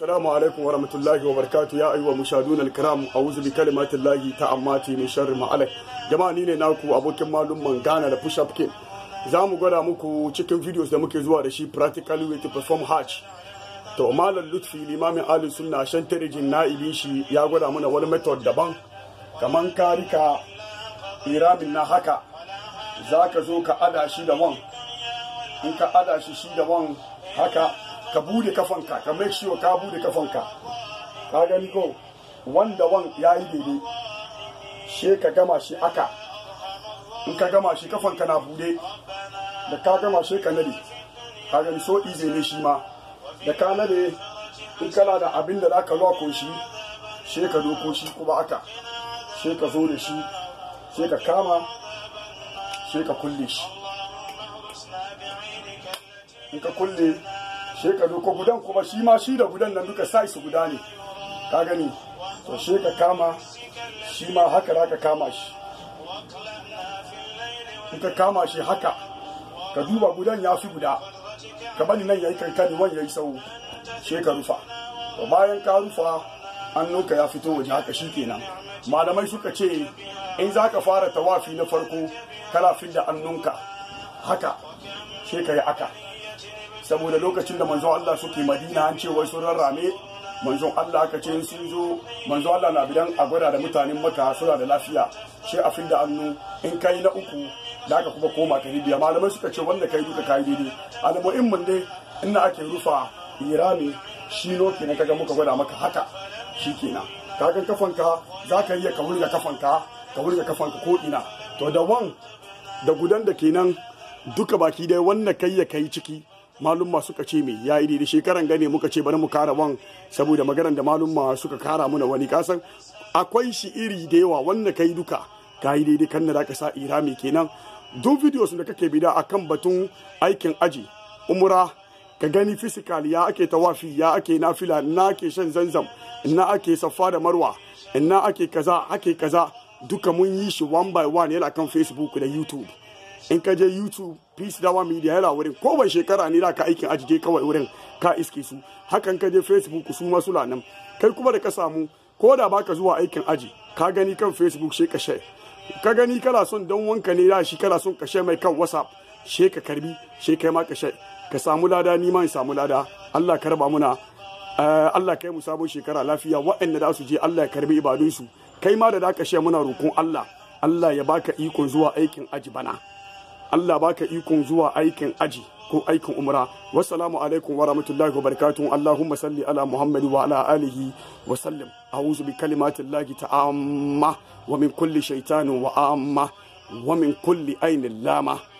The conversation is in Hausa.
asalamu alaikum wa rahmatullahi wa barakatu ya ayyuwa wa alkiram a'udhu bi kalimatin lahi ta'ammati min sharri ma alai jama'a ni ne naku abokin malumman Ghana da push up king za mu gwada muku cikin videos da muke zuwa da shi practically way to perform hajj to malam lutfi limamin ali sunna shan tarijin na'ibin shi ya gwada muna wani method daban kamar ka rika iramin na haka zaka ka ada in ka ada shi shi da wan haka ka bude kafanka ka make sure ka bude kafanka ka gani ko wanda wan ya yi daidai she ka gama shi aka in ka gama shi kafanka na bude da ka gama shi ka nade ka gani so ize ne shi ma da ka nade in kana da abin da zaka ko shi she ka doko shi kuma aka she ka zo da shi she ka kama she ka kulle shi in ka kulle Shekaru ko gudan kuma shi ma shi da gudan nan duka sai su guda ne ka gani to she ka kama shi ma haka za ka kama shi ka kama shi haka ka duba gudan ya fi guda ka bani nan yayi kankani wani yayi sau she ka rufa to bayan ka rufa annunka ya fito waje haka shi kenan malamai suka ce in za ka fara tawafi na farko kana fidda annunka. haka she ka yi aka saboda lokacin da manzon Allah suke Madina an ce wai sun rarrame manzon Allah aka ce sun zo manzon Allah na bidan a gwada da mutanen maka suna da lafiya shi a da hannu in kai na uku da aka kuma koma ka ribiya malamai suka ce wanda kai duka kai daidai almu'in mun dai ina ake rufa irami shi no kenan kaga muka gwada maka haka shi kenan kaga kafanka za ka iya ka wurga kafanka ka wurga kafanka ko ina to da wan da gudan da kenan duka baki dai wannan kai ya kai ciki malumma suka ce mai ya yi da shekaran gane muka ce bari mu kara wan saboda maganar da malumma suka kara muna wani kasan akwai shi iri da yawa wanda kai duka ka yi daidai kan da ka sa irami kenan duk videos da kake bida akan batun aikin aji umra ka gani physical ya ake tawafi ya ake nafila na ake shan zanzam na ake safa da marwa na ake kaza ake kaza duka mun yi shi one by one yana kan facebook da youtube in ka je youtube peace dawa media yana wurin ban shekara ne da ka aikin ajiye kawai wurin ka iske su hakan ka je facebook su ma nan kai kuma da ka samu ko da baka zuwa aikin aji ka gani kan facebook she ka share ka gani kana son dan wanka ne da shi kana son ka share mai kan whatsapp she ka karbi she kai ma ka ka samu lada ni ma in samu lada Allah ka raba muna eh, Allah kai mu sabon shekara lafiya waɗanda da su je Allah ya karbi ibadun su kai ma da da ka share muna roƙon Allah Allah ya baka ikon zuwa aikin aji bana Allah baka ikon zuwa aikin aji ko aikin umra wassalamu alaikum wa rahmatullahi wa barakatuh allahumma salli ala muhammad wa ala alihi wa sallim a'udhu bi kalimatillahi ta'amma wa min kulli shaytanin wa amma wa min kulli ainin lama